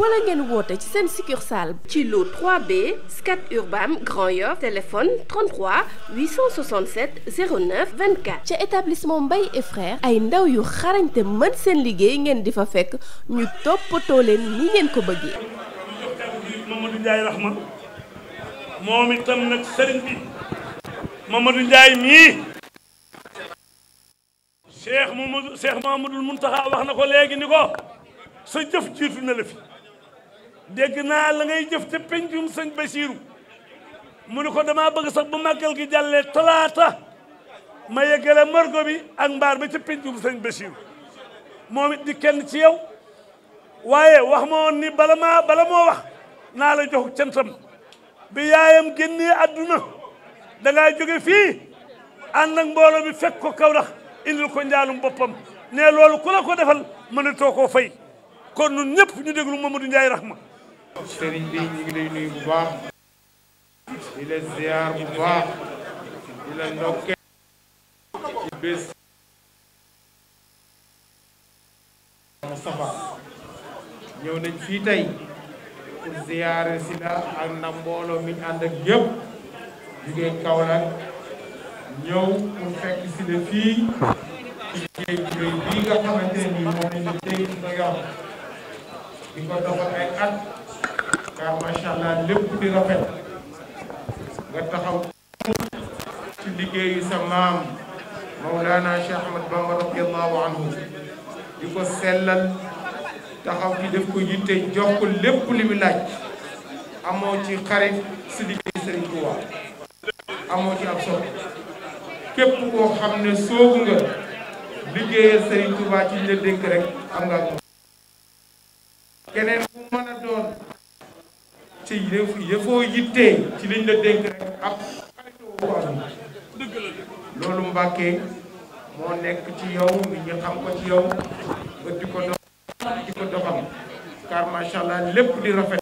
wala ngeen woote ci seen succursale ci lu 3B Scat Urbam Grand Yoff téléphone 33 867 09 24 ca établissement Mbaye et ay ndaw yu xarañte mën seen liggéey ngeen di fa fekk ñu toppatoo leen ni ngeen ko bëgg Mamadou Ndiaye moom itam nag sëriñ bi Mamadou Ndiaye mii wax na ko léegi ni ko sa jëf jiitu na dégg naa la ngay jëf te pencum sëñ Basiiru mu ne ko damaa bëgg sax bu màggal gi jàllee talaata ma yeggale morgo bi ak mbaar ba ca pencum sëñ Basiiru moom it di kenn ci yow waaye wax ma woon ni bala maa bala moo wax naa la jox cantam bi yaayam génnee àdduna dangaa jóge fii ànd ak mbooloo fekk ko Kawlax indil ko njaalum boppam ne loolu ku la ko defal mënatoo koo fay kon ñun ñëpp ñu déglu Mamadou Ndiaye ma sëriñ bi ñu ngi lay nuyu bu baax di la bu baax di ndokkee ci bés Moustapha ñëw nañ fii tey pour si la ak na mbooloo mi ànd ak yëpp jugee Kaolack ñëw pour fekk si la fii liggéey bu nga xamante ne moom lañ la tey nga yor di ko doxal ay at car macha allah lépp di rafet nga taxaw ci liggéeyu sa maam Mawlana Cheikh Ahmad Bamba radiallahu anhu di ko sellal taxaw ci def ko yitte jox ko lépp li mu laaj amoo ci xarit si liggéey Serigne amoo ci ab sot képp koo xam ne soobu nga liggéeyal Serigne ci la dénk rek am nga keneen bu mën a ci yëfoo yittee ci liñ la dénk rek ab xaritoo am loolu Mbàkke moo nekk ci yow nit ñi xam ko ci yow nga di ko dox di ko doxam car macha allah lépp di rafet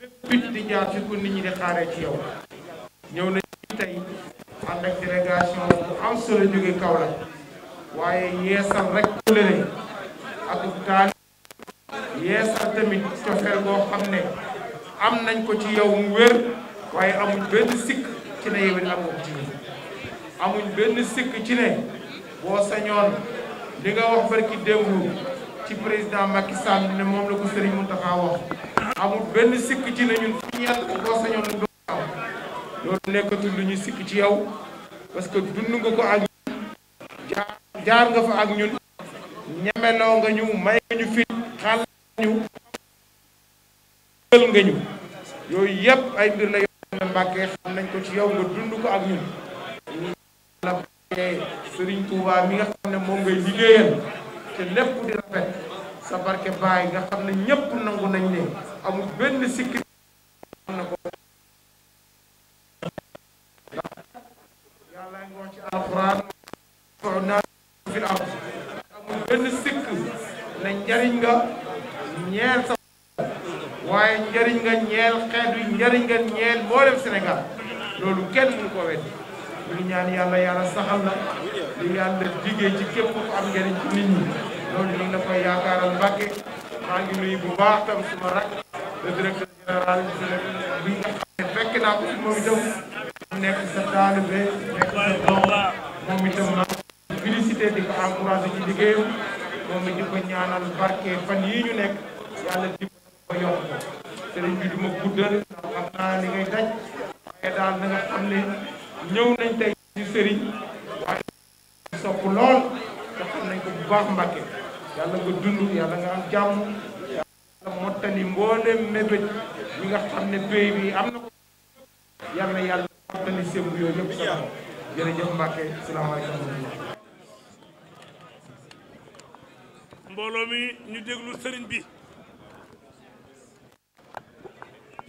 lépp it di jaar ci ko nit ñi di xaaree ci yow ñëw nañu tey ànd ak bu am solo jóge Kaolack waaye yeesal rek lële ak taal yeesal tamit cofeel boo xam ne am nañ ko ci yow mu wér waaye amuñ benn sikk ci ne yow it amoo ci amuñ benn sikk ci ne boo sañoon li nga wax barki démb ci président Macky Sall ne moom la ko Serigne Mountakha wax amul benn sikk ci ne ñun fu ñu yàlla boo sañoon mu doon am loolu nekkatul lu ñu sikk ci yow parce que dund nga ko ak ñun jaar nga fa ak ñun ñemeloo nga ñu may nga ñu fit xàll ñu jël nga ñu yooyu yëpp ay mbir la yoo ne Mbàkke xam nañ ko ci yow nga dund ko ak ñun la mi nga xam ne moom ngay liggéeyal te lépp di rafet sa barke baay nga xam ne ñépp nangu nañ ne amul benn sikki na ko ci alxuraan sikk ne njariñ nga ñeer sa waaye njëriñ nga ñeel xeet wi nga ñeel mboolem Sénégal loolu kenn mënu ko wet ñu ñaan yàlla yàlla saxal na li yàlla jigéen ci képp ku am njëriñ ci nit ñi loolu ñu ngi la yaakaaral Mbàkke maa ngi nuyu bu baax tam suma rak le directeur général bi nga xam ne fekk naa ko ci moom itam nekk sa taalibe moom itam maa félicité di ko encouragé ci liggéeyam moom it di ko ñaanal barke fan yii ñu nekk yàlla ko yokk sëriñ bi duma guddal ndax xam naa li ngay daj waaye daal na nga xam ne ñëw nañ tey ci sëriñ waaye sopp lool te xam nañ ko bu baax mbàkke yàlla nga dund yàlla nga am jàmm yàlla mottali mboolem mébét yi nga xam ne pays bi am na ko yàlla yàlla mottali sëmb yooyu yëpp sa bopp jërëjëf mbooloo mi ñu déglu sëriñ bi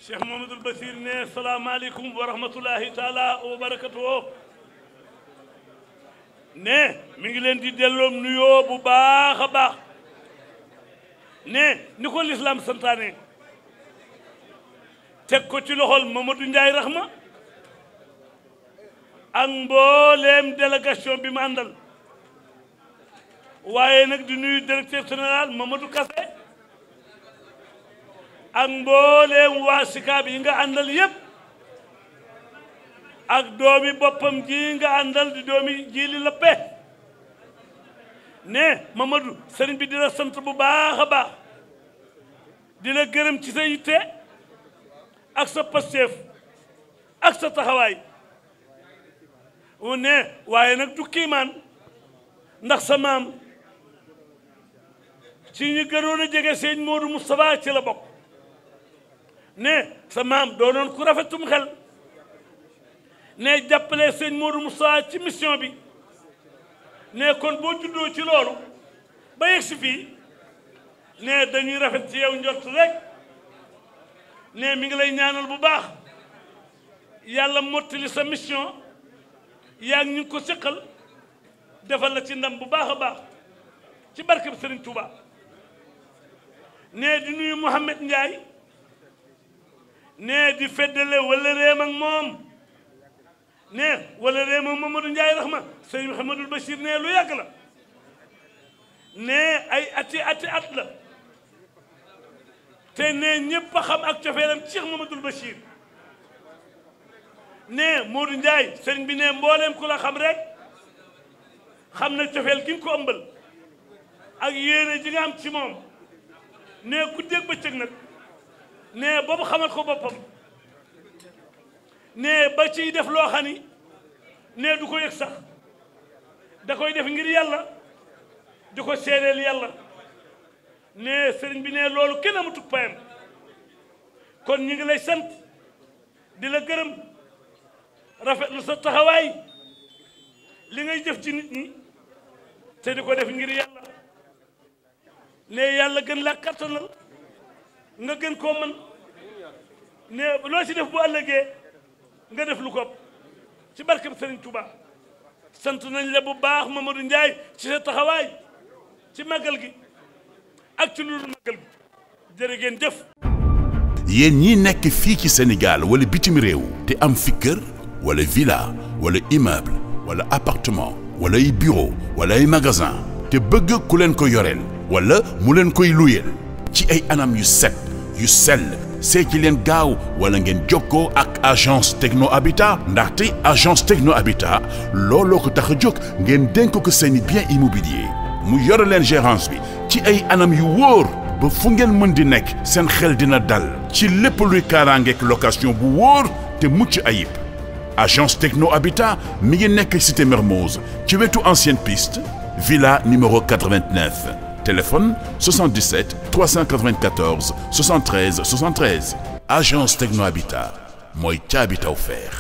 cheikh Mouhamadoul Basir ne salaamaaleykum wa rahmatullahi taala wa barakatuh ne mi ngi leen di delloom nuyoo bu baax baax ne ni ko lislaam santaane teg ko ci loxol Mamadou Ndiaye Rahma ak mbooleem délégation bi mu waaye nag di nuyu directeur général Mamadou Kassé ak mbooleem waa sikaab yi nga àndal yépp ak doomi boppam ji nga àndal di doomi jili la pe ne Mamadou sëriñ bi dina sant bu baax a baax dina gërëm ci sa yitte ak sa pasteef ak sa taxawaay u ne waaye nag du ndax sa maam ci ñu gënoon a jege sëñ Modou Moustapha ci la bokk ne sa maam doonoon ku rafetum xel ne jàppale sëñ Modou Moussa ci mission bi ne kon boo juddoo ci loolu ba yegg si fii ne dañuy rafet ci yow njort rek ne mi ngi lay ñaanal bu baax yàlla mottali sa mission yàgg ngi ko seqal defal la ci ndam bu baax a baax ci barke bi Sëriñ Touba ne di nuyu Mouhamed Ndiaye ne di feddale wala réem ak moom ne wala njaay ak ma Ndiaye Rahma sëñ Mouhamadul Bachir ne lu yàgg la ne ay ati ati at la te ne ñëpp xam ak cofeelam Cheikh Mouhamadul Bachir ne Modou Ndiaye sëriñ bi ne mbooleem ku la xam rek xam na cofeel gi nga ko ëmbal ak yéene ji nga ci moom ne guddeeg bëccëg nag nee boobu xamal ko boppam ne ba ciy def loo xam ne du ko yëg sax da koy def ngir yàlla di ko seedeel yàlla ne sëriñ bi ne loolu kenn amatul payam kon ñu ngi lay sant di la gërëm rafetlu sa taxawaay li ngay jëf ci nit ñi te di ko def ngir yàlla nee yàlla gën laa kattanal nga gën koo mën ne loo si def bu ëllëgee nga def lu ko ci barkeb Sëriñ Tuuba sant nañ la bu baax Mamadou Ndiaye ci sa taxawaay ci magal gi ak ci loolu màggal gi jërë ngeen jëf yéen ñii nekk fii ci Sénégal wala bitim réew te am fi kër wala villa wala immeuble wala appartement wala ay bureau wala ay magasin te bëgg ku leen ko yoreel wala mu leen koy luyeel ci ay anam yu set yu sel see ci leen gaaw wala ngeen jokkoo ak agence techno habitat ndaxte agence techno habitat looloo ko tax a jóg ngeen dénk ko seni bien immobilier mu yore leen gérance bi ci ay anam yu wóor ba fu ngeen mën di nekk seen xel dina dal ci lépp luy kaaraangeek location bu wóor te mucc ayib agence techno abita mi ngi nekk cité Mermoz ci wetu ancienne pist villa numéro 89 téléphone 77 394 73 73 agence Techno Habitat mooy ca Habitat offert.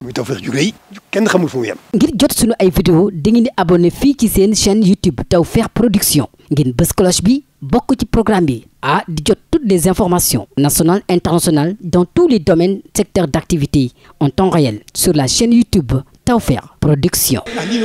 muy Tawfekh ju rëy kenn xamul fu mu yem. ngir jot sunu ay vidéo dangeen di abonné fii ci seen chaîne YouTube Tawfekh Production ngeen bës cloche bi bokk ci programme bi ah di jot toutes les informations nationales internationales dans tous les domaines secteurs d'activité en temps réel sur la chaîne YouTube Tawfekh Production. ah lii